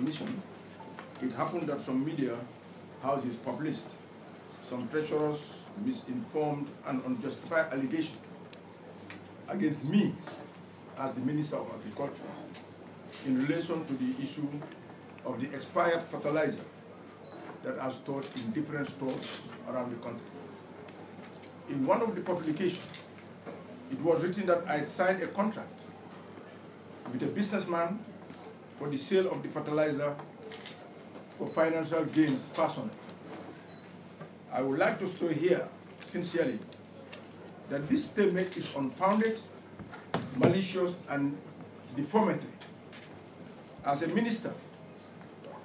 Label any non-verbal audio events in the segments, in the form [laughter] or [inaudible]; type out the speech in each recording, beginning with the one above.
mission, it happened that some media houses published some treacherous, misinformed, and unjustified allegations against me as the Minister of Agriculture in relation to the issue of the expired fertilizer that are stored in different stores around the country. In one of the publications, it was written that I signed a contract with a businessman for the sale of the fertilizer for financial gains personally. I would like to say here sincerely that this statement is unfounded, malicious, and defamatory. As a minister,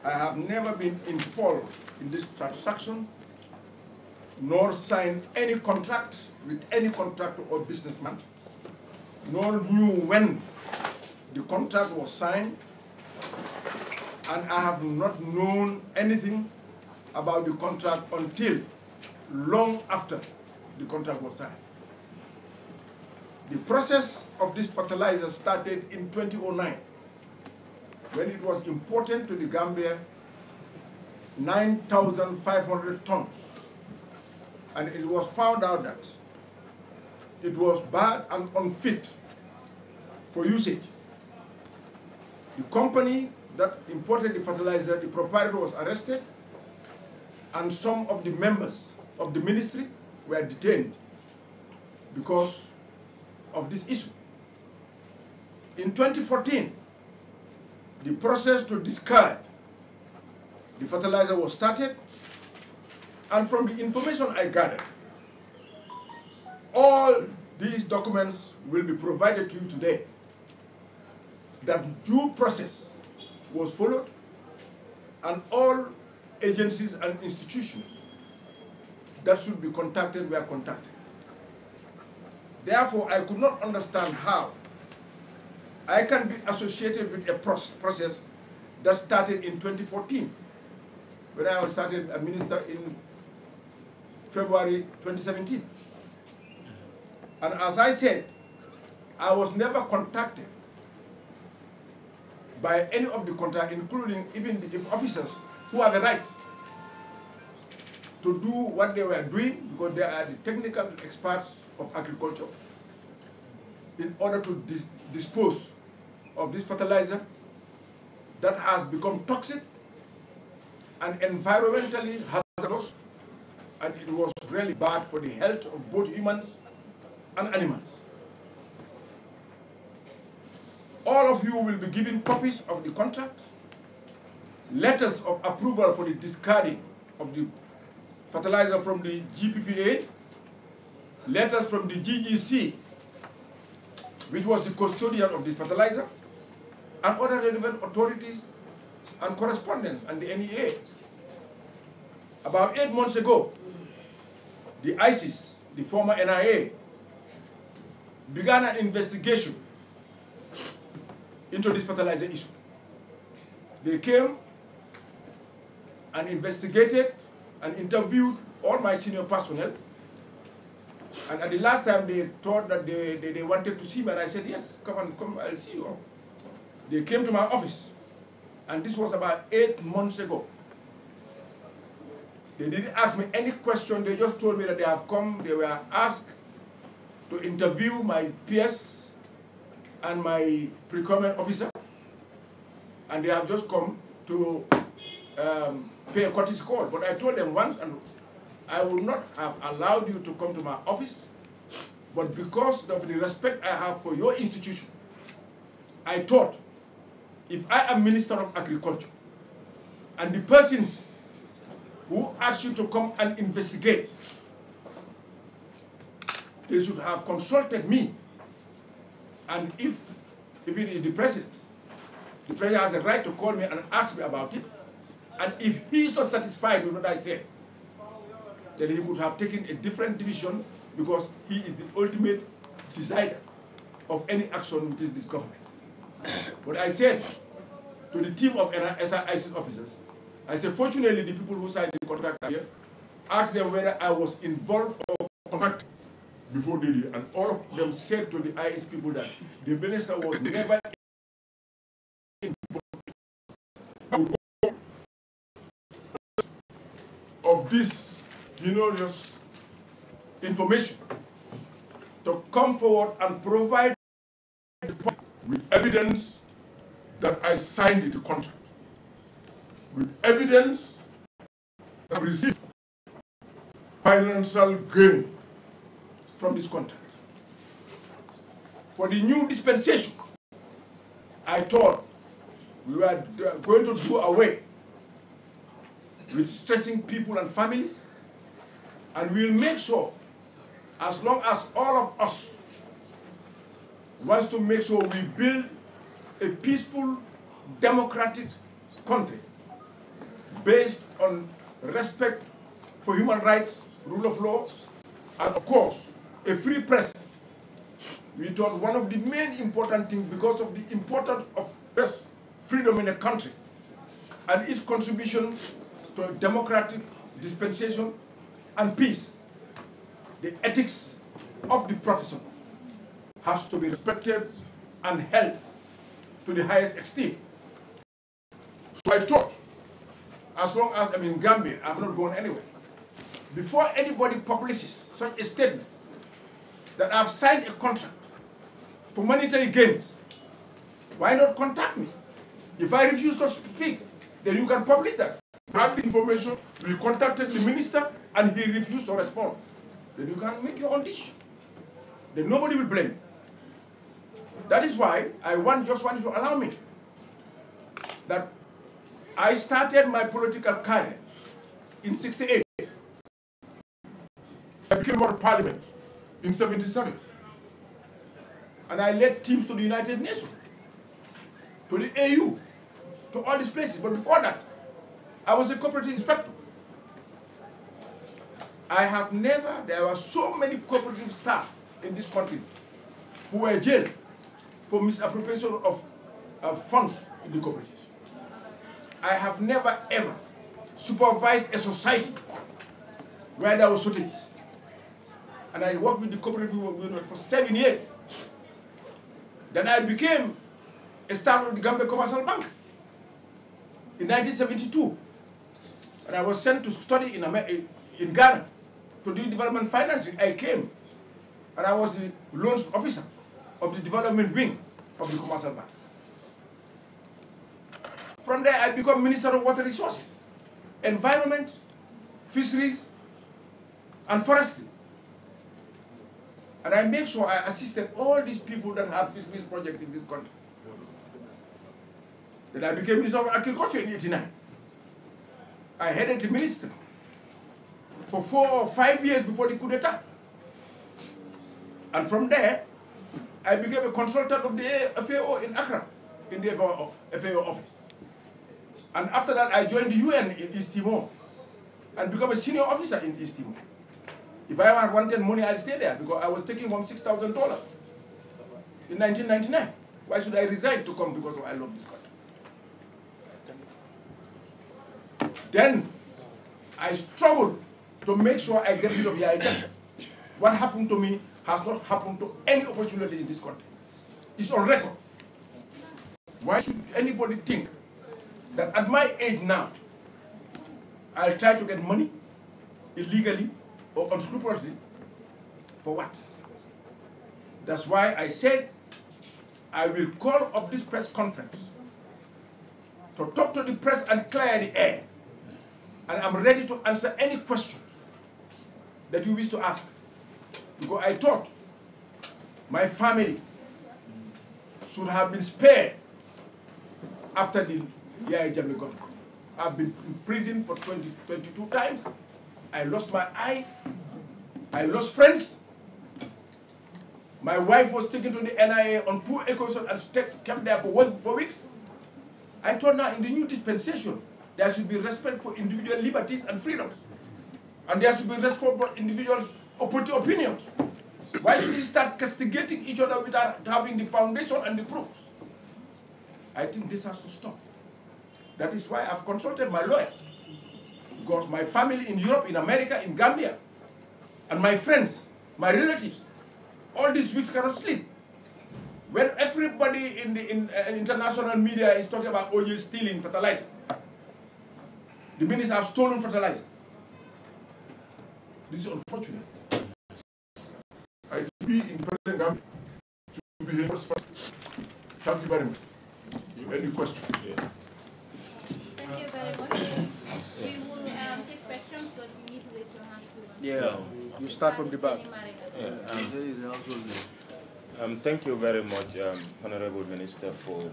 I have never been involved in this transaction nor signed any contract with any contractor or businessman, nor knew when the contract was signed and I have not known anything about the contract until long after the contract was signed. The process of this fertilizer started in 2009 when it was imported to the Gambia 9,500 tons. And it was found out that it was bad and unfit for usage. The company that imported the fertilizer, the proprietor was arrested, and some of the members of the ministry were detained because of this issue. In 2014, the process to discard the fertilizer was started, and from the information I gathered, all these documents will be provided to you today that due process was followed, and all agencies and institutions that should be contacted were contacted. Therefore, I could not understand how I can be associated with a process that started in 2014, when I was started a minister in February 2017. And as I said, I was never contacted by any of the contractors, including even the officers who have the right to do what they were doing because they are the technical experts of agriculture in order to dis dispose of this fertilizer that has become toxic and environmentally hazardous and it was really bad for the health of both humans and animals all of you will be given copies of the contract, letters of approval for the discarding of the fertilizer from the GPPA, letters from the GGC, which was the custodian of this fertilizer, and other relevant authorities and correspondence and the NEA. About eight months ago, the ISIS, the former NIA, began an investigation into this fertilizer issue. They came and investigated and interviewed all my senior personnel. And at the last time they thought that they, they, they wanted to see me and I said, yes, come and come, I'll see you They came to my office and this was about eight months ago. They didn't ask me any question, they just told me that they have come, they were asked to interview my peers and my procurement officer, and they have just come to um, pay a courtesy call. But I told them once, and I would not have allowed you to come to my office, but because of the respect I have for your institution, I thought if I am Minister of Agriculture, and the persons who asked you to come and investigate, they should have consulted me and if, if it is the president, the president has a right to call me and ask me about it. And if he is not satisfied with what I said, then he would have taken a different division because he is the ultimate decider of any action within this government. But I said to the team of SIS officers, I said, fortunately, the people who signed the contracts here, asked them whether I was involved or connected before Delhi, and all of them said to the IS people that the minister was never of this erroneous information to come forward and provide with evidence that I signed the contract, with evidence that I received financial gain from this contract. For the new dispensation, I thought we were uh, going to do away with stressing people and families, and we'll make sure, as long as all of us wants to make sure we build a peaceful, democratic country based on respect for human rights, rule of law, and of course, a free press. We thought one of the main important things because of the importance of press freedom in a country and its contribution to a democratic dispensation and peace. The ethics of the profession has to be respected and held to the highest esteem. So I thought, as long as I'm in Gambia, I've not gone anywhere. Before anybody publishes such a statement, that I've signed a contract for monetary gains, why not contact me? If I refuse to speak, then you can publish that. Grab have the information, we contacted the minister, and he refused to respond. Then you can make your own decision. Then nobody will blame you. That is why I want just want you to allow me that I started my political career in 68. I became member of parliament in 77. And I led teams to the United Nations, to the AU, to all these places. But before that, I was a cooperative inspector. I have never, there were so many cooperative staff in this country who were jailed for misappropriation of, funds in the cooperative. I have never ever supervised a society where there were shortages and I worked with the cooperative union for seven years. Then I became a staff of the Gambia Commercial Bank in 1972. And I was sent to study in, America, in Ghana to do development financing. I came and I was the loans officer of the development wing of the Commercial Bank. From there, I became Minister of Water Resources, Environment, Fisheries, and Forestry. And I make sure I assisted all these people that have fisheries projects in this country. Then I became Minister of Agriculture in 89. I headed the ministry for four or five years before the coup d'etat. And from there, I became a consultant of the FAO in Accra, in the FAO office. And after that, I joined the UN in East Timor and became a senior officer in East Timor. If I wanted money, I'd stay there because I was taking home $6,000 in 1999. Why should I resign to come because I love this country? Then I struggled to make sure I get rid of Yaya What happened to me has not happened to any opportunity in this country. It's on record. Why should anybody think that at my age now, I'll try to get money illegally unscrupulously, oh, for what? That's why I said I will call up this press conference to talk to the press and clear the air. And I'm ready to answer any questions that you wish to ask. Because I thought my family should have been spared after the Yaya Jami I've been in prison for 20, 22 times. I lost my eye. I lost friends. My wife was taken to the NIA on poor equation and stayed, kept there for, one, four weeks. I told her in the new dispensation, there should be respect for individual liberties and freedoms. And there should be respect for individual opinions. Why should we start castigating each other without having the foundation and the proof? I think this has to stop. That is why I've consulted my lawyers. Because my family in Europe, in America, in Gambia, and my friends, my relatives, all these weeks cannot sleep. When everybody in the in, uh, international media is talking about OJ oh, stealing fertilizer, the ministers have stolen fertilizer. This is unfortunate. I be in President Gambia to be here. Thank you very much. Any question? Thank you very much you hand Yeah, you start from the back. Yeah. Um, um, thank you very much, um, Honorable Minister, for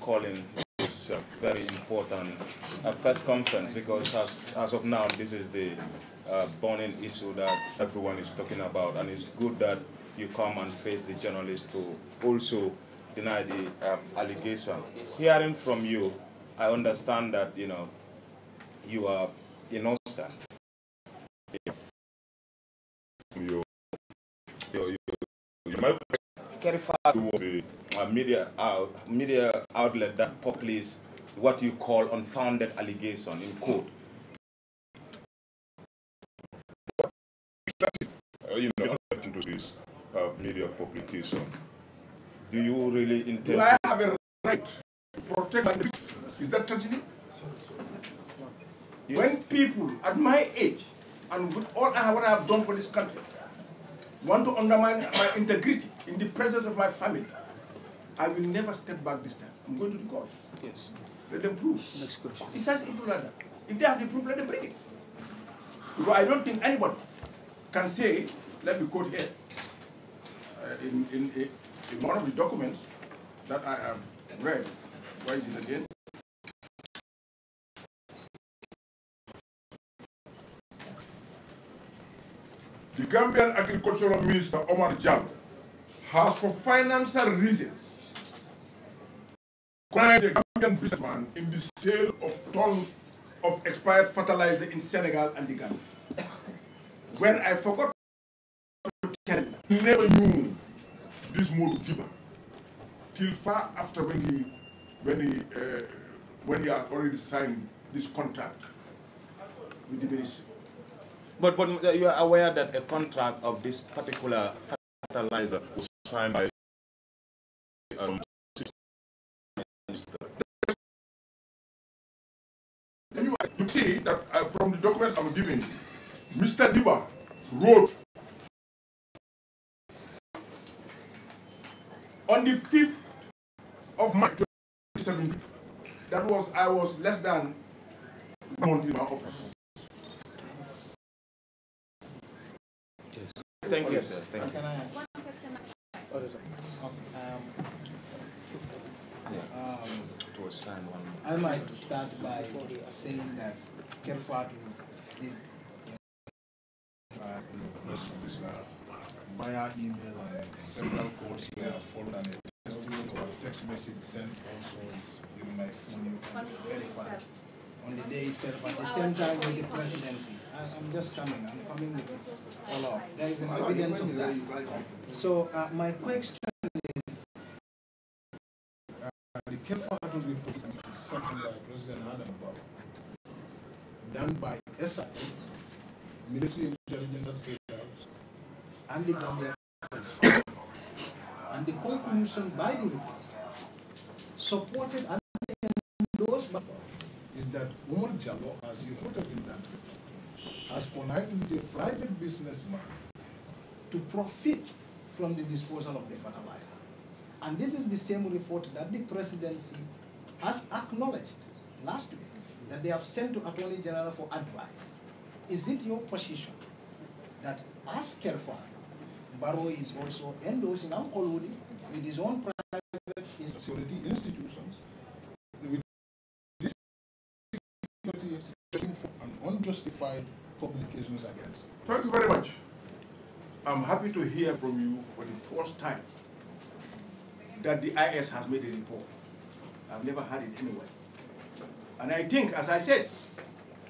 calling this uh, very important uh, press conference because as, as of now, this is the uh, burning issue that everyone is talking about, and it's good that you come and face the journalists to also deny the um, allegation. Hearing from you, I understand that you know you are innocent eu, eu, eu, eu my to the media out, media outlet that publishes what you call unfounded allegation in court. Uh, you know, to this uh, media publication, do you really intend? Do I have a right to protect my? Is that tragedy? When people at my age and with all I what I have done for this country, want to undermine my integrity in the presence of my family, I will never step back this time. I'm going to the court. Yes. Let them prove. Next question. It says simple as that. If they have the proof, let them bring it. Because I don't think anybody can say, let me quote here, uh, in, in, in one of the documents that I have read, where is it again? The Gambian Agricultural Minister, Omar Jal, has for financial reasons conned a Gambian businessman in the sale of tons of expired fertilizer in Senegal and the Gambia. When I forgot to tell you, never knew this mode giver till far after when he, when he, uh, when he had already signed this contract with the ministry. But, but uh, you are aware that a contract of this particular fertilizer was signed by um, you, you see that uh, from the documents I'm giving you, Mr. Diba wrote on the 5th of March 2017, that was, I was less than a month in my office. Thank you, sir. Thank you. One question. Oh, Um, Um, I might start by saying that Kelfadu did uh, via email and several calls followed and a testimony or text message sent also in my phone on the day itself at the same time with the presidency. I'm just coming, I'm coming with follow up. There is an evidence of that. So uh, my question is, uh, the careful had to be presented something by President Adam Bob, done by SIS, military intelligence at State House, and the government, and the conclusion by the report supported and endorsed by is that Umar Jallo, as you put it in that report, has connived with a private businessman to profit from the disposal of the fertilizer. And this is the same report that the presidency has acknowledged last week that they have sent to Attorney General for advice. Is it your position that as Kerfa, Barrow is also endorsing and colluding with his own private security institutions unjustified publications against. Thank you very much. I'm happy to hear from you for the first time that the IS has made a report. I've never had it anywhere. And I think, as I said,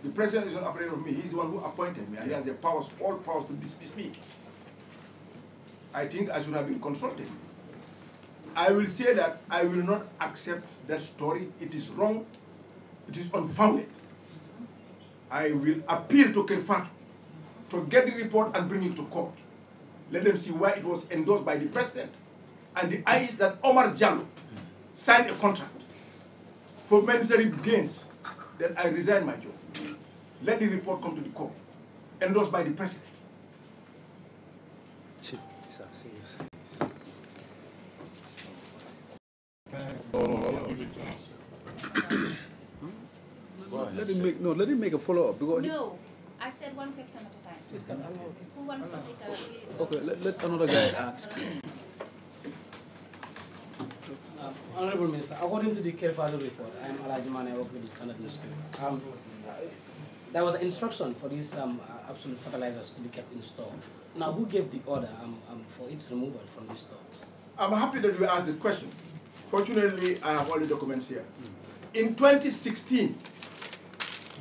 the president is not afraid of me. He's the one who appointed me, and he has the powers, all powers to dismiss me. I think I should have been consulted. I will say that I will not accept that story. It is wrong. It is unfounded. I will appeal to Kerfatu to get the report and bring it to court. Let them see why it was endorsed by the president and the eyes that Omar Jallo signed a contract for military gains that I resign my job. Let the report come to the court, endorsed by the president ahead. Let him make no. Let him make a follow up because. No, I said one question at a time. Who wants to take a? Okay, let, let another guy ask. Uh, Honorable Minister, according to the Father report, I am Alhaji I work with the Standard newspaper. Um, there was an instruction for these um, uh, absolute fertilizers to be kept in store. Now, who gave the order um, um, for its removal from the store? I'm happy that you asked the question. Fortunately, I have all the documents here. In 2016,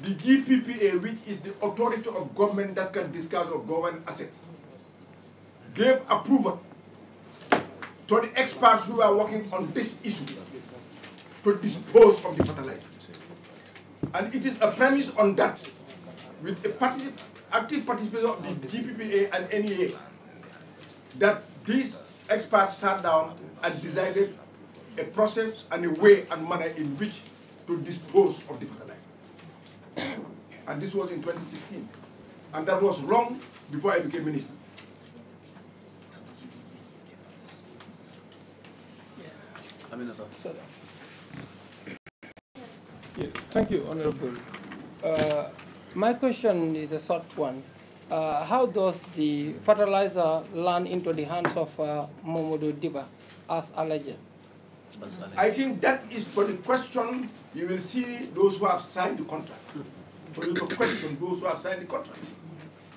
the GPPA, which is the authority of government that can discharge of government assets, gave approval to the experts who are working on this issue to dispose of the fertilizer. And it is a premise on that, with the particip active participation of the GPPA and NEA, that these experts sat down and decided a process and a way and manner in which to dispose of the fertilizer and this was in 2016. And that was wrong before I became minister. Yeah, thank you, Honorable. Uh, my question is a short one. Uh, how does the fertilizer land into the hands of uh, Momodo Diba as alleged? I think that is for the question you will see those who have signed the contract. For you to question those who have signed the contract.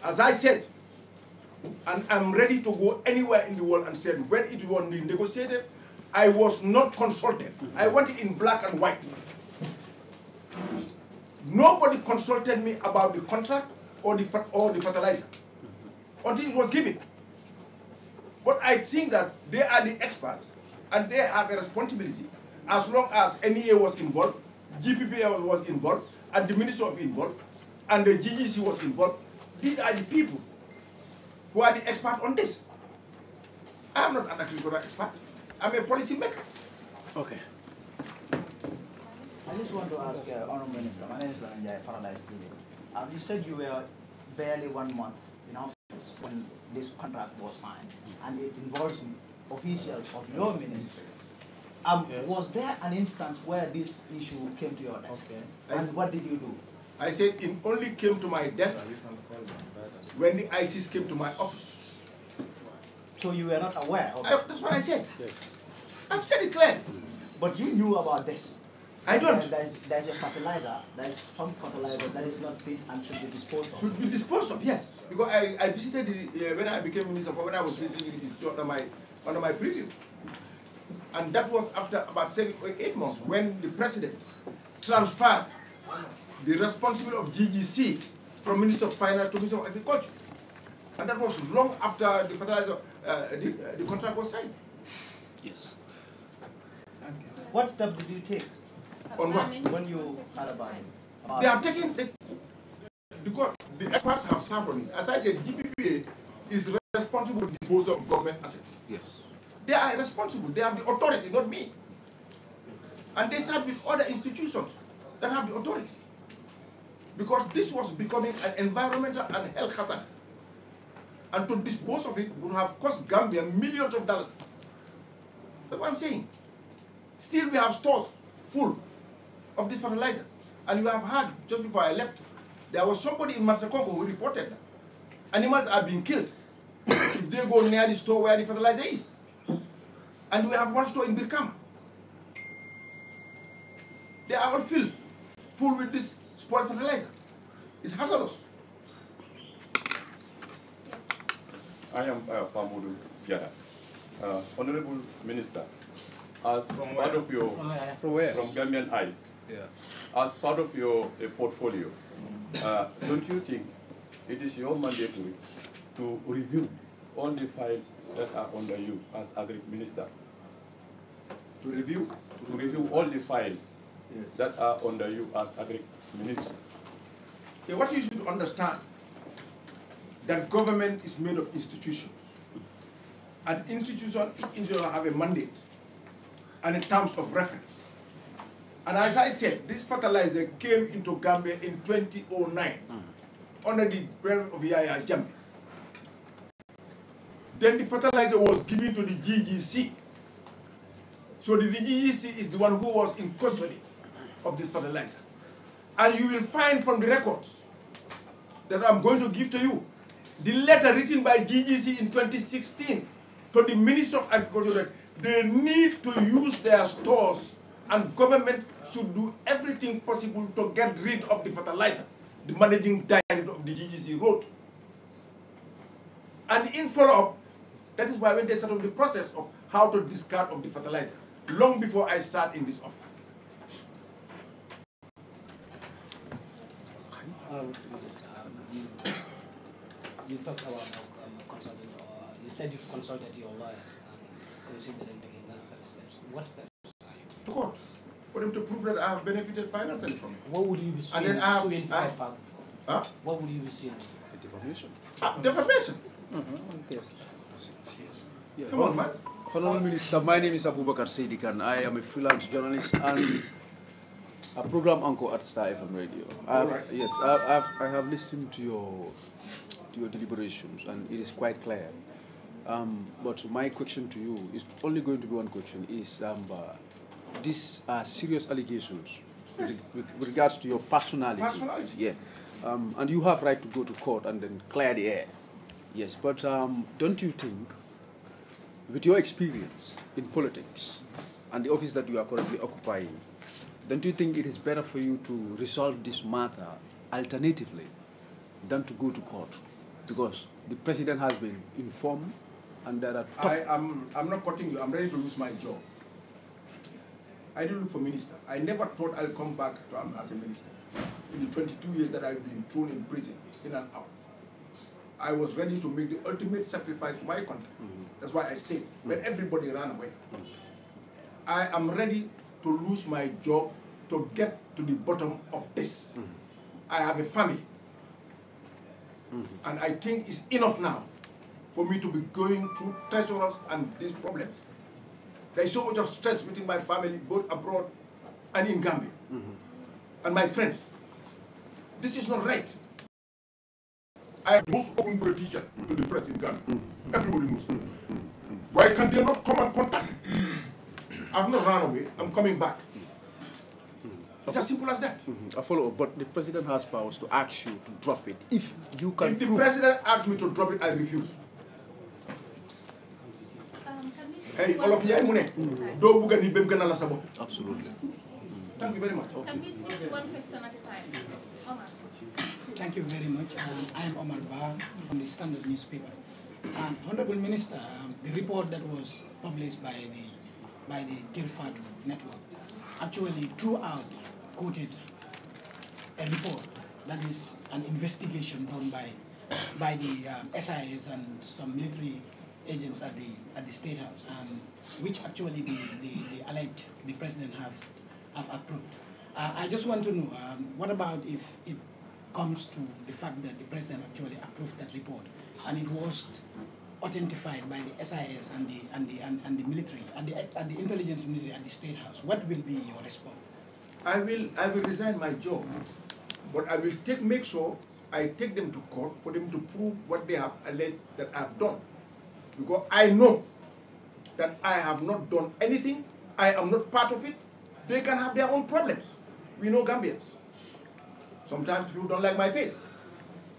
As I said, and I'm ready to go anywhere in the world and said when it was negotiated, I was not consulted. I want it in black and white. Nobody consulted me about the contract or the, or the fertilizer until it was given. But I think that they are the experts and they have a responsibility. As long as NEA was involved, GPPL was involved, and the Minister of involved, and the GGC was involved, these are the people who are the experts on this. I'm not an agricultural expert. I'm a policy maker. Okay. I just want to ask uh, Honourable Minister, my name is Anjay Paradise TV. Uh, um, you said you were barely one month in office when this contract was signed, and it involves officials of your ministry. Um, yes. Was there an instance where this issue came to your desk? Okay. And what did you do? I said it only came to my desk when the ISIS came to my office. So you were not aware of That's what I said. Yes. I've said it clear. But you knew about this. I don't. Uh, there's, there's a fertilizer, there's some fertilizer that is not fit and should be disposed of. Should be disposed of, yes. Because I, I visited, the, uh, when I became minister, when I was visiting, it's my under my preview. And that was after about seven or eight months when the president transferred the responsibility of GGC from Minister of Finance to Minister of Agriculture. And that was long after the fertilizer, uh, the, uh, the contract was signed. Yes. What step did you take? On what? When you had They have taken, the, the, the experts have suffered As I said, GPPA is responsible to dispose of government assets. Yes. They are responsible. They have the authority, not me. And they said with other institutions that have the authority. Because this was becoming an environmental and health hazard. And to dispose of it would have cost Gambia millions of dollars. That's what I'm saying. Still we have stores full of this fertilizer. And you have heard, just before I left, there was somebody in Marseille who reported that. Animals are being killed [coughs] if they go near the store where the fertilizer is. And we have one store in Birkama. They are all filled, full with this spoiled fertilizer. It's hazardous. I am uh, Pamudu Uh, Honorable Minister, as from part where? of your from, where? from, where? from Gambian eyes, yeah. as part of your uh, portfolio, uh, don't you think it is your mandate to review all the files that are under you as Agri Minister. To review? To review all the files yes. that are under you as Agri Minister. Yeah, what you should understand, that government is made of institutions. and institutions institution have a mandate and a terms of reference. And as I said, this fertilizer came into Gambia in 2009. Mm under the breath of Yaya Jammeh. Then the fertilizer was given to the GGC. So the GGC is the one who was in custody of this fertilizer. And you will find from the records that I'm going to give to you the letter written by GGC in 2016 to the Minister of Agriculture that they need to use their stores and government should do everything possible to get rid of the fertilizer the managing director of the GGC wrote. And in follow-up, that is why when they started the process of how to discard of the fertilizer, long before I sat in this office. [coughs] you talked about um, consulting, or you said you've consulted your lawyers and considering taking necessary steps. What steps are you taking? To court for them to prove that I have benefited financially from it. What would you be suing, and then I have, suing I, for? Huh? What would you be suing? Defamation. Ah, defamation. Mm -hmm. Yes. Come on, man. Hello, Minister. My name is Abubakar and I am a freelance journalist and a program anchor at Star FM Radio. right. Yes, I've, I've, I have listened to your to your deliberations, and it is quite clear. Um, but my question to you is only going to be one question: Is um, uh, these are serious allegations yes. with, with, regards to your personality. Personality. Yeah. Um, and you have right to go to court and then clear the air. Yes, but um, don't you think, with your experience in politics and the office that you are currently occupying, don't you think it is better for you to resolve this matter alternatively than to go to court? Because the president has been informed and there are... I am, I'm not cutting you. I'm ready to lose my job. I didn't look for minister. I never thought I'll come back to as a minister. In the 22 years that I've been thrown in prison, in and out, I was ready to make the ultimate sacrifice for my country. Mm -hmm. That's why I stayed, when mm-hmm. everybody ran away. Mm-hmm. I am ready to lose my job to get to the bottom of this. Mm -hmm. I have a family. Mm -hmm. And I think it's enough now for me to be going through treasurers and these problems. There's so much of stress within my family, both abroad and in Gambia, mm -hmm. and my friends. This is not right. I am the most open to teacher to the press in Ghana. Mm -hmm. Everybody knows. Mm -hmm. Why can they not come and contact me? Mm-hmm. I've not run away. I'm coming back. Mm-hmm. It's as simple as that. Mm -hmm. I follow, but the president has powers to ask you to drop it if you can. If the prove... president asks me to drop it, I refuse. hey olof Njaay mu ne. doo bugg a nit ba mu gënal absolutely. thank you very much. can we speak one question at a time? Omar. Thank you very much. Um, I am Omar Ba from the Standard newspaper. Um, Honorable Minister, um, the report that was published by the by the Guildford Network actually drew out, quoted a report that is an investigation done by by the um, SIS and some military agents at the at the State House, um, which actually the, the, the alleged the president have have approved. Uh, I just want to know um, what about if it comes to the fact that the president actually approved that report and it was authenticated by the SIS and the and the and, and the military and the and the intelligence ministry at the State House. What will be your response? I will I will resign my job, but I will take make sure I take them to court for them to prove what they have alleged that I've done. Because I know that I have not done anything. I am not part of it. They can have their own problems. We know Gambians. Sometimes people don't like my face.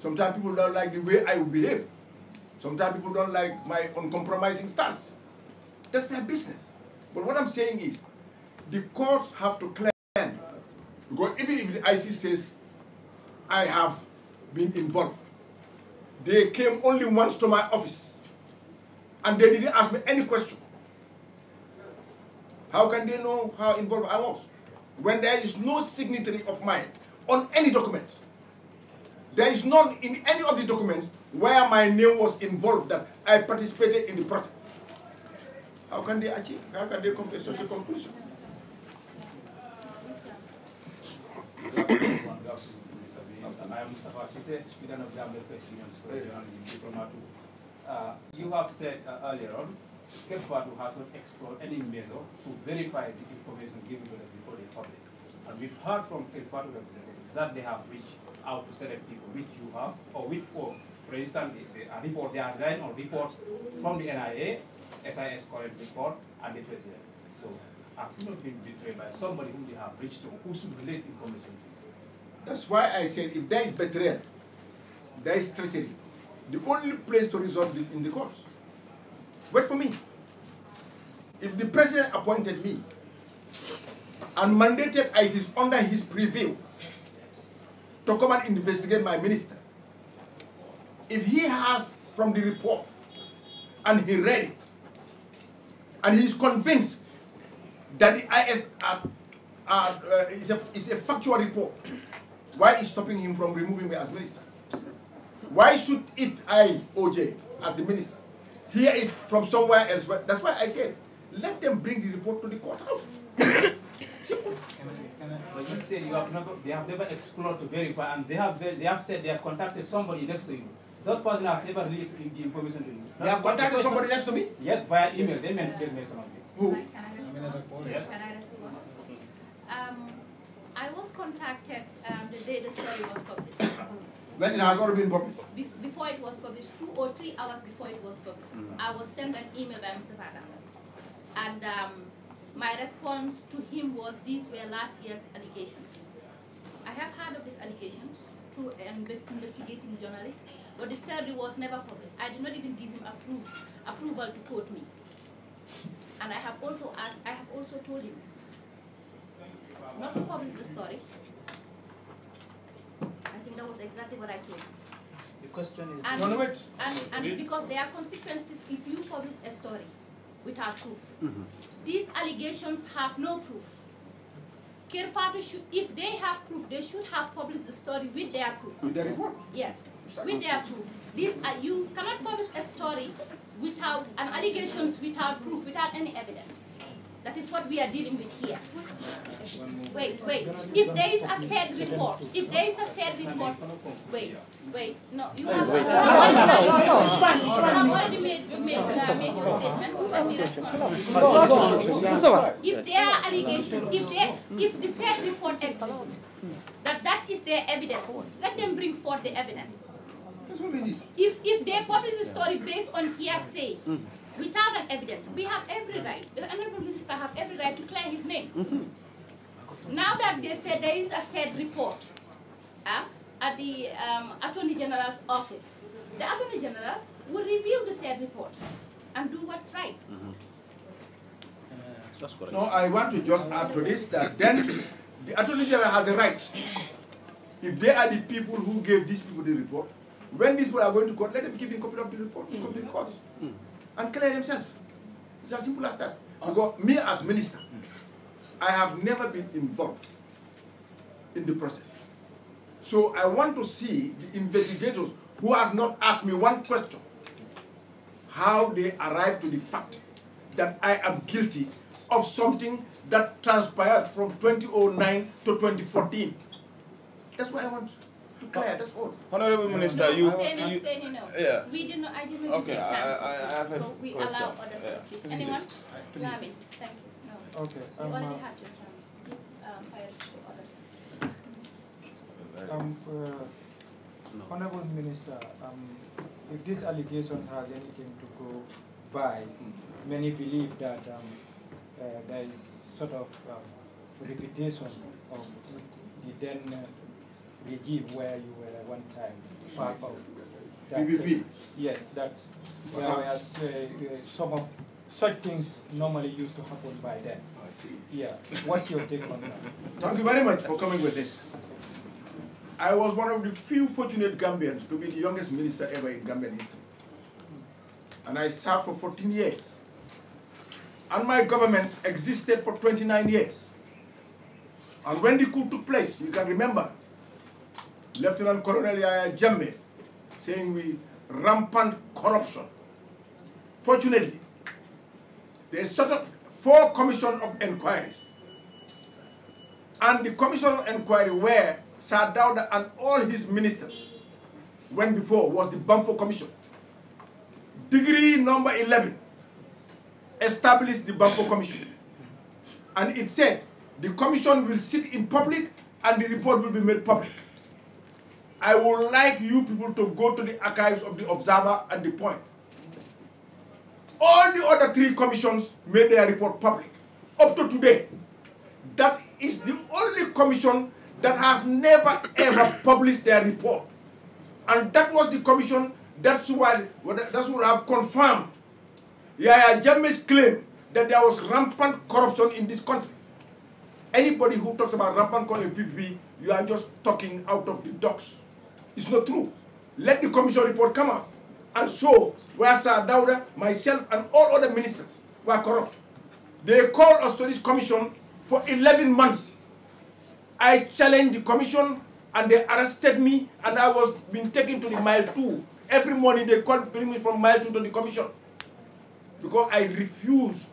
Sometimes people don't like the way I behave. Sometimes people don't like my uncompromising stance. That's their business. But what I'm saying is, the courts have to clear Because even if the IC says, I have been involved, they came only once to my office and they didn't ask me any question. How can they know how involved I was? When there is no signatory of mine on any document. There is none in any of the documents where my name was involved that I participated in the process. How can they achieve? How can they come to such a conclusion? I am Mustafa Sise, of Union, Journalism uh, you have said uh, earlier on, Kefwatu has not explored any measure to verify the information given to them before they publish. And we've heard from Kefwatu representatives that they have reached out to certain people, which you have, or which, or for instance, the, the, a report, they are relying on reports from the NIA, SIS current report, and the president. So have you not been betrayed by somebody whom they have reached to, who should relate information to? That's why I said if there is betrayal, there is treachery. The only place to resolve this in the courts. Wait for me. If the president appointed me and mandated ISIS under his preview to come and investigate my minister, if he has from the report and he read it and he is convinced that the IS are, are, uh, is, a, is a factual report, why is stopping him from removing me as minister? Why should it, I, OJ, as the minister, hear it from somewhere else? That's why I said, let them bring the report to the courthouse. [coughs] But you said you have never, they have never explored to verify, and they have, they have said they have contacted somebody next to you. That person has never leaked the information to you. That's they have contacted the somebody next to me? Yes, via email. They mentioned mention of it. Who? Can I respond? Yes. Can I respond? Um, I was contacted um, the day the story was published. When it has already been published? Be before it was published, two or three hours before it was published. Mm. I was sent an email by Mr. Adam. And um, my response to him was these were last year's allegations. I have heard of this allegation through an investigating journalist, but the study was never published. I did not even give him approval to quote me. And I have also asked, I have also told him not to publish the story, that was exactly what I told you. The question is, and, no, no, and, and because there are consequences if you publish a story without proof. Mm -hmm. These allegations have no proof. Kirfatu should, if they have proof, they should have published the story with their proof. With their report? Yes, with their proof. These are, you cannot publish a story without, and allegations without proof, without any evidence. That is what we are dealing with here. Wait, wait. If there is a sad report, if there is a sad report, wait, wait. No, you have, you have already made, made, uh, made your statement. Let If there are allegations, if, there, if the sad report exists, that that is their evidence, let them bring forth the evidence. If, if they publish a story based on hearsay, without an evidence. We have every right, the Honorable Minister have every right to clear his name. Mm -hmm. Now that they said there is a said report uh, at the um, Attorney General's office, the Attorney General will review the said report and do what's right. Mm -hmm. no, I want to just add to this that then the Attorney General has a right. If they are the people who gave these people the report, when these people are going to court, let them give a copy of the report, mm. copy the court. Mm and clear themselves. It's as simple as that. Because me as minister, I have never been involved in the process. So I want to see the investigators who have not asked me one question, how they arrive to the fact that I am guilty of something that transpired from 2009 to 2014. That's what I want. That's all. Honorable Minister, you. you, no. Yeah. We did not. I didn't okay, a chance I, I, I so we question. allow others to speak. Anyone? Please. thank you. No. Okay. You um, already uh, had your chance. Give um, to others. Um, uh, Honorable Minister, um, if this allegation has anything to go by, mm-hmm. many believe that um, uh, there is sort of um, repetition of the then uh, the where you were one time, back of PPP? Yes, that's whereas uh-huh. uh, some of such things normally used to happen by then. I see. Yeah. What's your take on that? Thank you very much for coming with this. I was one of the few fortunate Gambians to be the youngest minister ever in Gambian history. And I served for 14 years. And my government existed for 29 years. And when the coup took place, you can remember, Lieutenant Colonel Yaya Jamme saying we rampant corruption. Fortunately, they set up four commission of inquiries. And the commission of inquiry where Sir Dawda and all his ministers went before was the Bamfo Commission. Degree number 11 established the Bamfo Commission. And it said the commission will sit in public and the report will be made public. I would like you people to go to the archives of the Observer and the Point. All the other three commissions made their report public up to today. That is the only commission that has never ever published their report. And that was the commission that's why that's what I've confirmed Yaya Jammeh's claim that there was rampant corruption in this country. Anybody who talks about rampant corruption in PPP, you are just talking out of the ducks. It's not true. Let the commission report come out and show where Sir Dauda, myself, and all other ministers were corrupt. They called us to this commission for 11 months. I challenged the commission and they arrested me and I was being taken to the mile two. Every morning they called bring me from mile two to the commission because I refused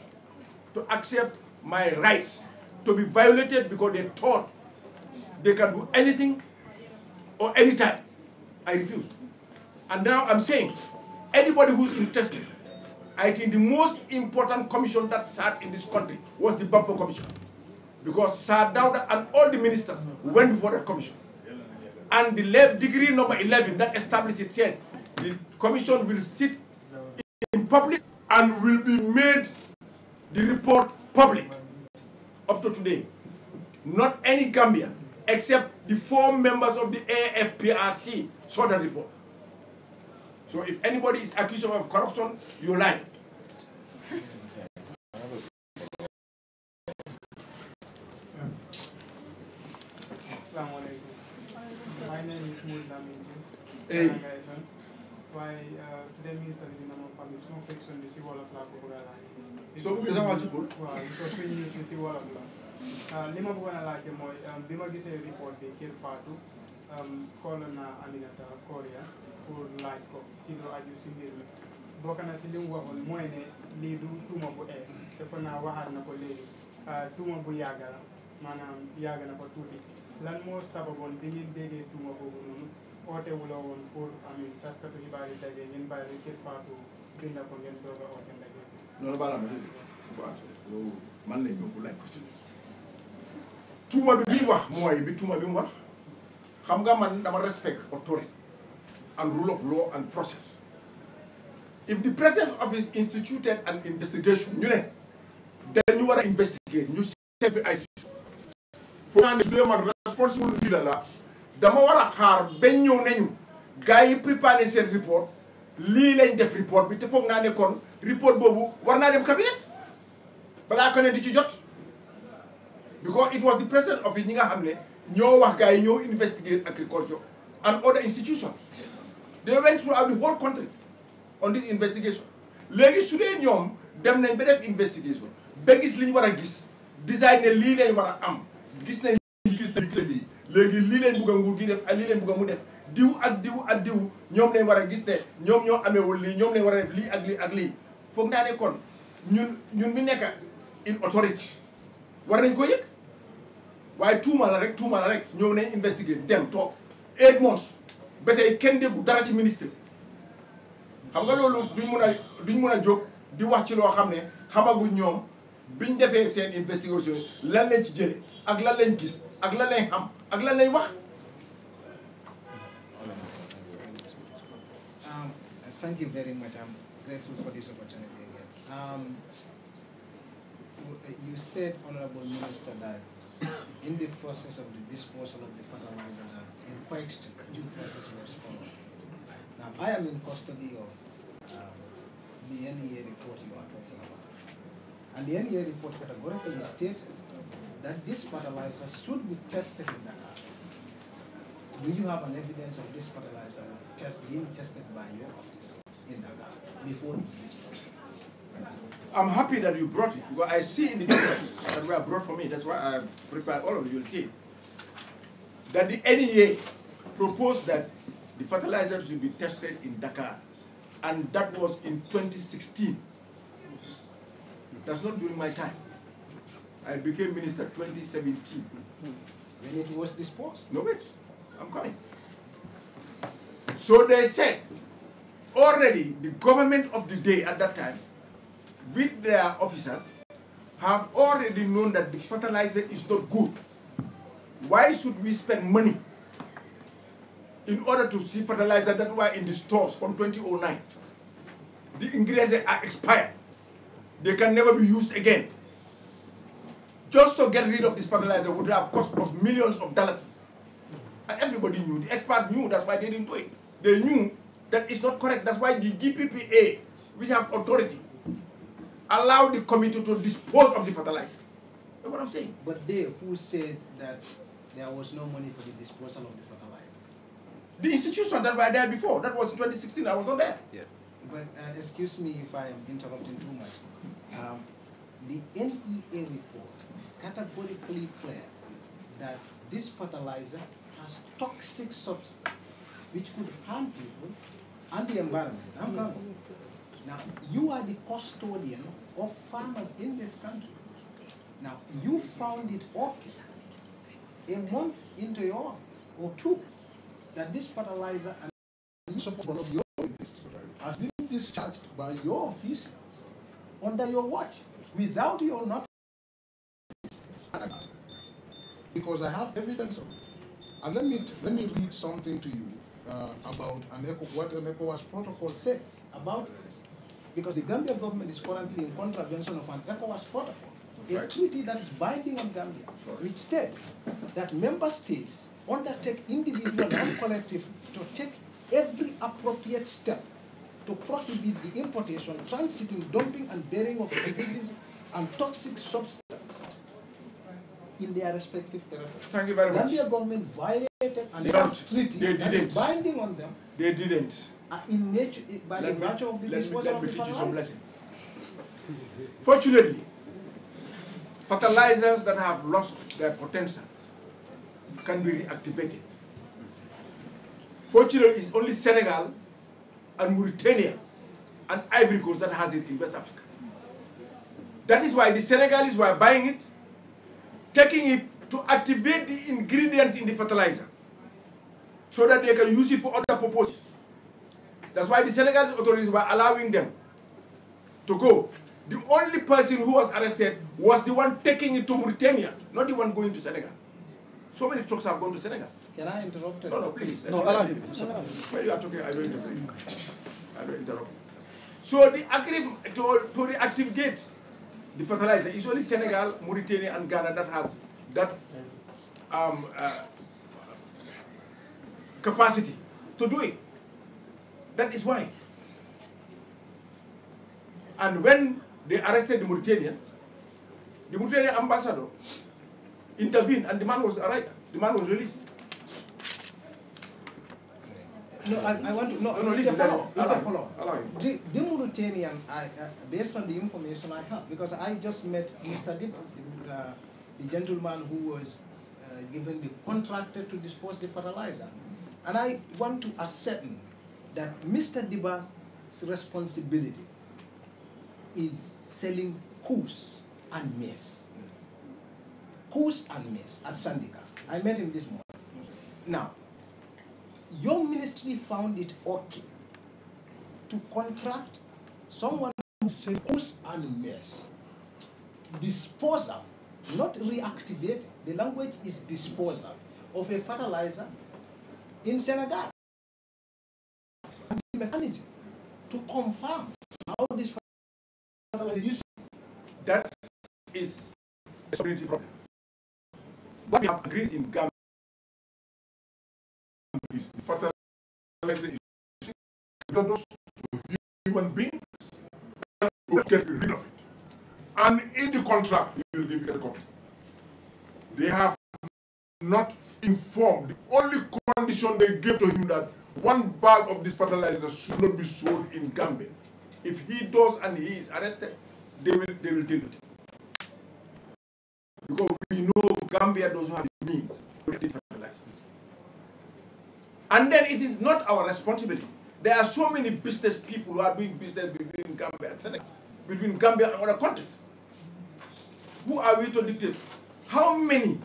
to accept my rights to be violated because they thought they can do anything or anytime. I refused. And now I'm saying, anybody who's interested, I think the most important commission that sat in this country was the Bamfo Commission. Because Sir and all the ministers went before that commission. And the degree number 11 that established it said, the commission will sit in public and will be made the report public up to today. Not any Gambian except the four members of the AFPRC saw the report. So if anybody is accused of corruption, you lie. Hey. Uh, so, because I want to Well, because we need Euh, li ma bëggoon a laajte mooy euh, bi ma gisee report bi Kër Fatou euh, xooloon naa Aminata Koria pour laaj ko ci lu aju si mbir mi bokk na si li mu waxoon mooy ne lii du tuuma bu ees defe naa na ko léegi tuuma bu yàgg la maanaam yàgg na ko tuuti lan moo sababoon bi ngeen déggee tuuma boobu noonu oote wuloo woon pour amin taskatu xibaar yi daje ngeen bàyyi Kër Fatou binda ko ngeen doog a oote ndaje. noonu baaraam man la ñu laaj ko tuuma bi bi wax mooy bi tuuma bi mu wax xam nga man dama respect authority and rule of law and process if the president's office instituted an investigation ñu ne dañu war a investigate ñu sefi ay si foo naa ne la dama war a xaar bañ ñëw nañu gars yi préparé seen report lii lañ def report bi te naa ne kon boobu war naa dem cabinet balaa ko ne di ci jot because it was the president of it ñi nga xam ne ñoo wax gars yi ñoo investigate agriculture and other institutions they went throughout the whole country on this investigation léegi su dee ñoom dem nañ ba def investigation ba gis li ñu war a gis design ne lii lañ war a am gis nañ gis nañ lii léegi lii lañ bugg a nguur gi def ak lii lañ bugg a mu def diw ak diw ak diw ñoom lañ war a gis ne ñoom ñoo ameewul lii ñoom lañ war a def lii ak lii ak lii foog naa ne kon ñun ñun mi nekk une autorité war nañ ko yëg Why two la rek tuuma la rek ñëw nañ investiguer dem toog eight months ba I kenn déggu dara ci ministre xam nga loolu duñ mun a duñ mun a jóg di wax ci loo xam ne xamaguñ ñoom biñ defee seen investigation lan lañ ci jëlee ak lan lañ gis ak lan lañ xam ak lan lañ wax. Um, thank you very much. I'm grateful for this opportunity again. Um, you said, Honorable Minister, that [coughs] in the process of the disposal of the fertilizer, the due process was followed. Now, I am in custody of um, the NEA report you are talking about. And the NEA report categorically stated that this fertilizer should be tested in that Do you have an evidence of this fertilizer test being tested by your office in that before it's disposed? I'm happy that you brought it because I see in the documents [coughs] that have brought for me. That's why I prepared all of you. You'll see That the NEA proposed that the fertilizers should be tested in Dakar, and that was in 2016. That's not during my time. I became minister 2017. When it was disposed? No, wait. I'm coming. So they said, already the government of the day at that time with their officers have already known that the fertilizer is not good. Why should we spend money in order to see fertilizer that were in the stores from 2009? The ingredients are expired. They can never be used again. Just to get rid of this fertilizer would have cost us millions of dollars. And everybody knew. The experts knew. That's why they didn't do it. They knew that it's not correct. That's why the GPPA, which have authority, allow the committee to dispose of the fertilizer. Know what I'm saying. But they who said that there was no money for the disposal of the fertilizer? The institution that were there before, that was 2016, I was not there. Yeah. But uh, excuse me if I am interrupting too much. Um, the NEA report categorically clear that this fertilizer has toxic substance which could harm people and the environment. I'm coming. Now, you are the custodian of farmers in this country. Now, you found it okay a month into your office or two that this fertilizer and support of your has been discharged by your officials under your watch without your notice. Because I have evidence of it. And let me, let me read something to you uh, about an ECO, what an ECOWAS protocol says about this because the Gambia government is currently in contravention of an ECOWAS protocol, right. a treaty that is binding on Gambia, which states that member states undertake individually and collectively to take every appropriate step to prohibit the importation, transiting, dumping, and bearing of hazardous and toxic substances in their respective territories. Thank you very Gambia much. Gambia government violated an treaty that is binding on them. They didn't. Uh, in nature, eh, by let the me, virtue of the disposal let me, let me teach you some lesson. Fortunately, fertilizers that have lost their potentials can be reactivated. Fortunately, it's only Senegal and Mauritania and Ivory Coast that has it in West Africa. That is why the Senegalese were buying it, taking it to activate the ingredients in the fertilizer so that they can use it for other purposes. That's why the Senegalese authorities were allowing them to go. The only person who was arrested was the one taking it to Mauritania, not the one going to Senegal. So many trucks have gone to Senegal. Can I interrupt? No, no, please. No, allow him. When you are talking, I will interrupt. I will interrupt. So the active, to, to gate, the fertilizer, is only Senegal, Mauritania, and Ghana that has that um, uh, capacity to do it. That is why. And when they arrested the Mauritanian, the Mauritanian ambassador intervened and the man was arrested. The man was released. No, I, I want to. No, no, no it's listen, a follow. It's us a follow. The, the Mauritanian, I, uh, based on the information I have, because I just met Mr. the, uh, the gentleman who was uh, given the contract to dispose the fertilizer. And I want to ascertain that Mr. Diba's responsibility is selling coups and mess, Coups and mess at Sandika. I met him this morning. Now, your ministry found it okay to contract someone who sell coups and mess, disposal, not reactivate. The language is disposal of a fertilizer in Senegal mechanism to confirm how this is That is a security problem. What we have agreed in Ghana is the fertilization is to human beings and get rid of it. And in the contract, you will give a copy. They have not informed. The only condition they gave to him that one bag of this fertilizer should not be sold in Gambia. If he does and he is arrested, they will, they will deal with it. Because we know Gambia doesn't have the means to get fertilizer. And then it is not our responsibility. There are so many business people who are doing business between Gambia and Senegal, between Gambia and other countries. Who are we to dictate? How many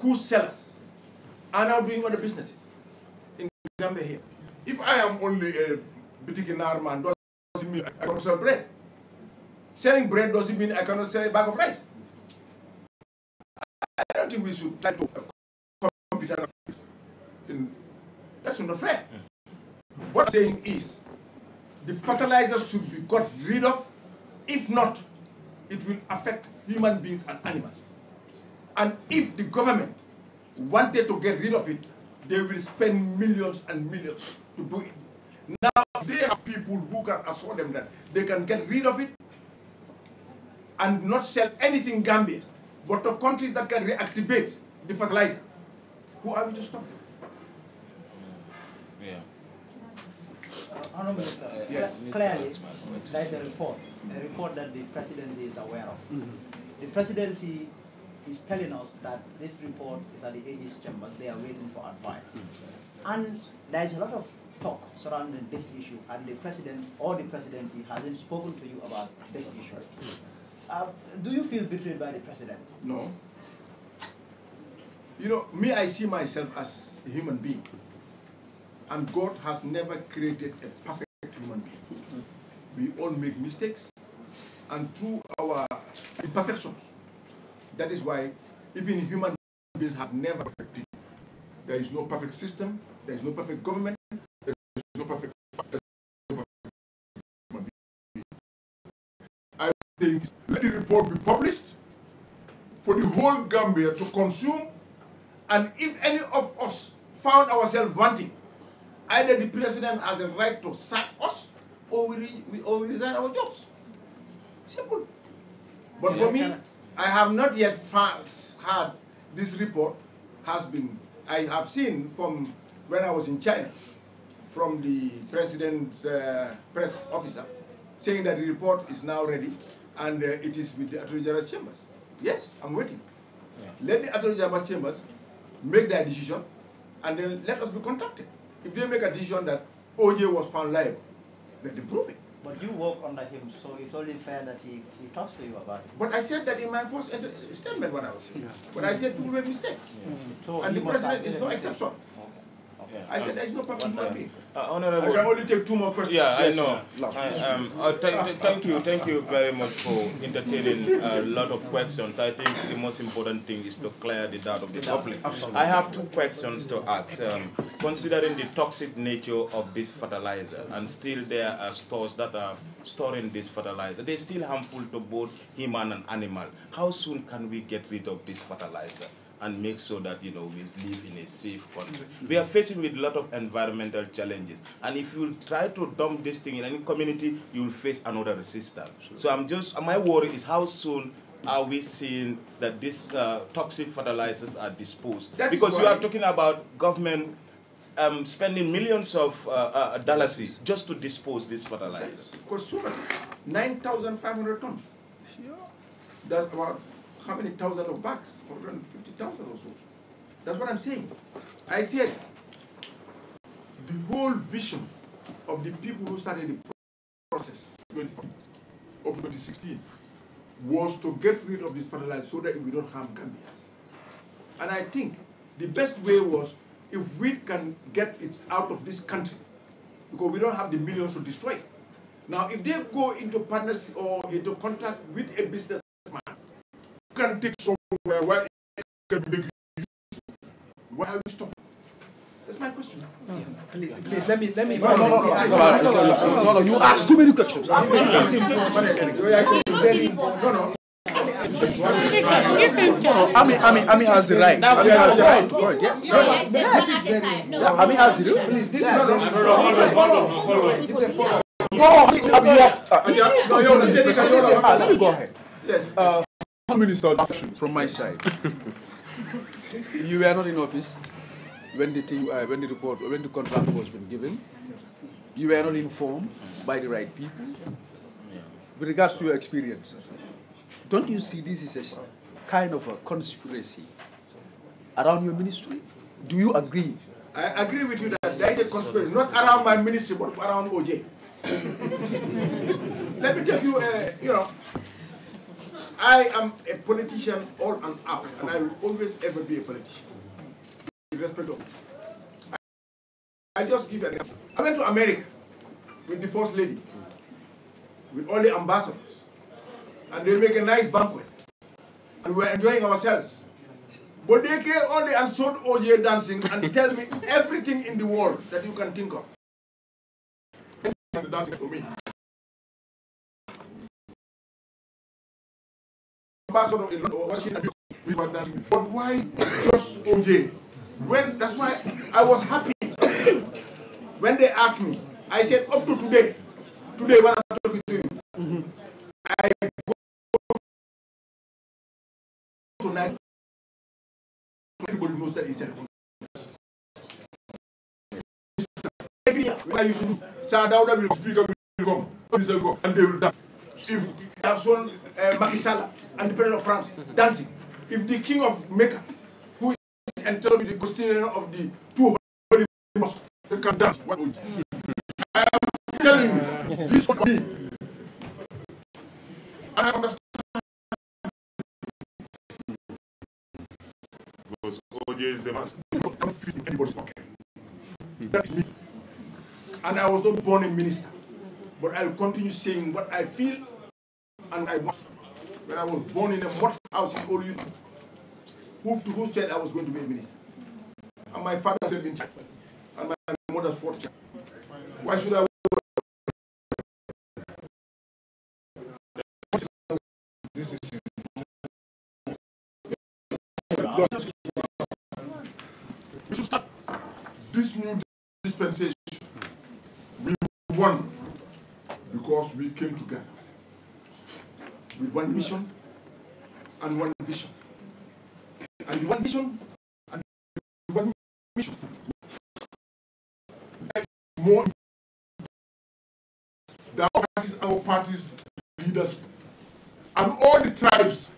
cool sellers are now doing other businesses? here. If I am only a Bitiginar man, doesn't mean I cannot sell bread. Selling bread doesn't mean I cannot sell a bag of rice. I don't think we should try to compete in that's not fair. Yeah. Mm. What I'm saying is the fertilizer should be got rid of. If not, it will affect human beings and animals. And if the government wanted to get rid of it, they will spend millions and millions to do it. Now they have people who can assure them that they can get rid of it and not sell anything Gambia, but to countries that can reactivate the fertilizer. Who are we to stop? Yeah. Honourable Minister, uh, yes. clearly, there's a report, a report that the presidency is aware of. Mm -hmm. The presidency is telling us that this report is at the AG's chambers, they are waiting for advice. And there's a lot of talk surrounding this issue, and the president or the presidency hasn't spoken to you about this issue. Uh, do you feel betrayed by the president? No. You know, me, I see myself as a human being. And God has never created a perfect human being. We all make mistakes, and through our imperfections, that is why even human beings have never perfected. There is no perfect system. There is no perfect government. There is no perfect. I think let the report be published for the whole Gambia to consume, and if any of us found ourselves wanting, either the president has a right to sack us or we, re, we or we resign our jobs. Simple. But for me, I have not yet had this report has been, I have seen from when I was in China, from the president's uh, press officer, saying that the report is now ready and uh, it is with the Attorney General's chambers. Yes, I'm waiting. Yeah. Let the Attorney General's chambers make their decision and then let us be contacted. If they make a decision that OJ was found liable, let them prove it. But you work under him, so it's only fair that he, he talks to you about it. But I said that in my first uh, statement when I was here. But I said people make mistakes. So and the president is no exception. Yeah. I said, there's no perfect human uh, honorable. I can only take two more questions. Yeah, I know. I, um, thank you, thank you very much for entertaining a lot of questions. I think the most important thing is to clear the doubt of the public. Absolutely. I have two questions to ask. Um, considering the toxic nature of this fertilizer, and still there are stores that are storing this fertilizer, they're still harmful to both human and animal. How soon can we get rid of this fertilizer? and make sure that you know we live in a safe country. Mm-hmm. We are facing with a lot of environmental challenges, and if you try to dump this thing in any community, you will face another resistance. Sure. So I'm just my worry is how soon are we seeing that these uh, toxic fertilizers are disposed? That because you are talking about government um, spending millions of uh, uh, dollars just to dispose these fertilizers. Because 9,500 tons. That's about how many thousands of bucks, 150,000 or so. That's what I'm saying. I said the whole vision of the people who started the process of 2016 was to get rid of this fertilizer so that we don't harm Gambians. And I think the best way was if we can get it out of this country, because we don't have the millions to destroy it. Now, if they go into partnership or into contact with a business can take somewhere where it can be why are we That's my question. No, please, please, let me, let me. No, no, no, no, no, no, no, you asked too many questions. It's simple. It's very important. No, no. Ami has the right. Ami has the right. Yes. This is very. Ami has the right. Please, this is. No, no, It's a follow. It's a follow. No, Let me go ahead. Yes minister from my side. [laughs] you were not in office when the TUI, uh, when the report, when the contract was been given. You were not informed by the right people. With regards to your experience, don't you see this is a kind of a conspiracy around your ministry? Do you agree? I agree with you that there is a conspiracy, not around my ministry, but around OJ. [laughs] Let me tell you, uh, you know, I am a politician all and out, and I will always ever be a politician. Respect of. I just give an example. I went to America with the first lady, with all the ambassadors, and they make a nice banquet. And we were enjoying ourselves. But they came only and showed OJ dancing and tell me everything in the world that you can think of. Dancing for me. ambassador in Washington, we were why just OJ? When, that's why I was happy when they asked me. I said, up to today, today when I'm talking to you, mm I go a to do, Sir Dawda will speak up, will come, and they will die. If That's sold uh, Makisala and the president of France, mm-hmm. dancing. If the king of Mecca, who is entitled to be the custodian of the two holy mosques, they can dance. I am telling you, this is me. I understand. Because OJ is the master. I'm in anybody's pocket. That is me. And I was not born a minister. But I'll continue saying what I feel and I When I was born in a mock house in Olu, who, who said I was going to be a minister? And my father said in church, and my mother's fourth child. Why should I This is we should start this new dispensation. We won because we came together with one mission and one vision. And one vision and one mission more than all parties, our parties leaders and all the tribes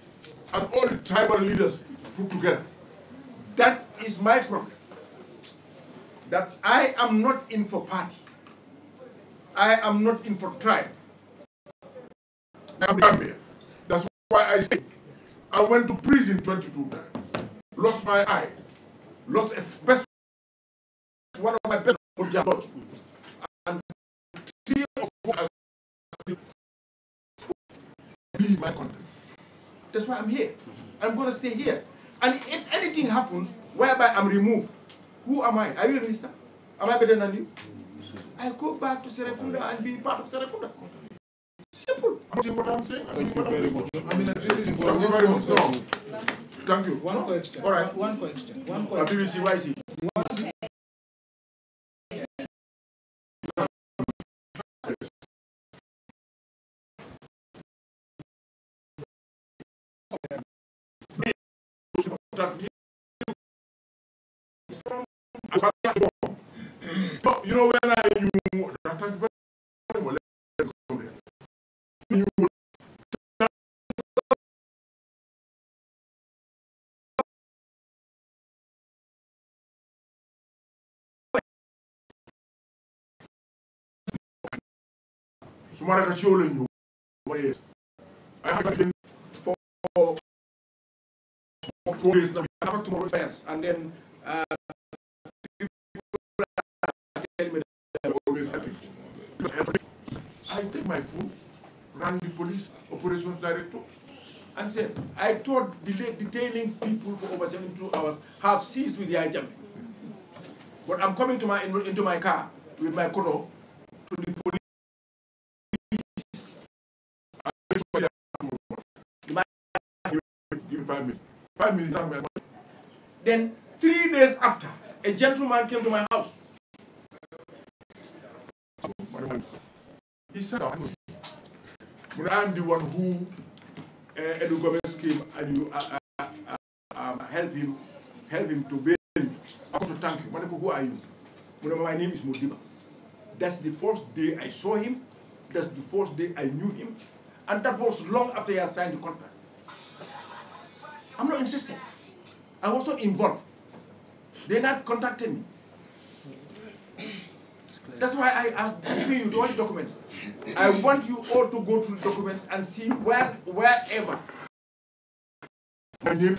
and all the tribal leaders put together. That is my problem. That I am not in for party. I am not in for tribe. I'm I say, I went to prison 22 times, lost my eye, lost a best one of my best jobs, and three of what be my country. That's why I'm here. I'm going to stay here. And if anything happens whereby I'm removed, who am I? Are you a minister? Am I better than you? I go back to Serekunda and be part of Serekunda. Simple. I'm saying what I'm saying. Thank you very much. I mean, this is important. Thank you very much. No. Thank you. One question. All right. One question. One question. BBC, why is he? you know when I you that very well you sumara ka ciwo lenyu i have been for four days now i have and then uh, people me that always happy i take my food rang the police operations director and said, I thought detaining people for over 72 hours have ceased with the hijacking. But I'm coming to my, into my car with my koto to the police. Five minutes. Then three days after, a gentleman came to my house. He said, I'm the one who uh, Edu Gomez came and you uh, uh, uh, um, help him, help him to build I want to thank you. who are you? my name is Modiba. That's the first day I saw him. That's the first day I knew him. And that was long after he had signed the contract. I'm not interested. I was not involved. They not contacted me. That's why I am giving you all the documents. I [laughs] want you all to go through the documents and see where, wherever. My name.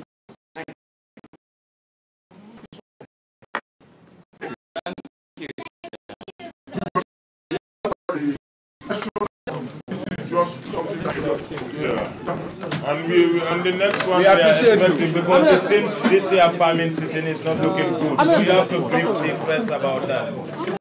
And we, we and the next one we, we are expecting you. because it seems this year farming season is not looking good. So we have to brief the press about that.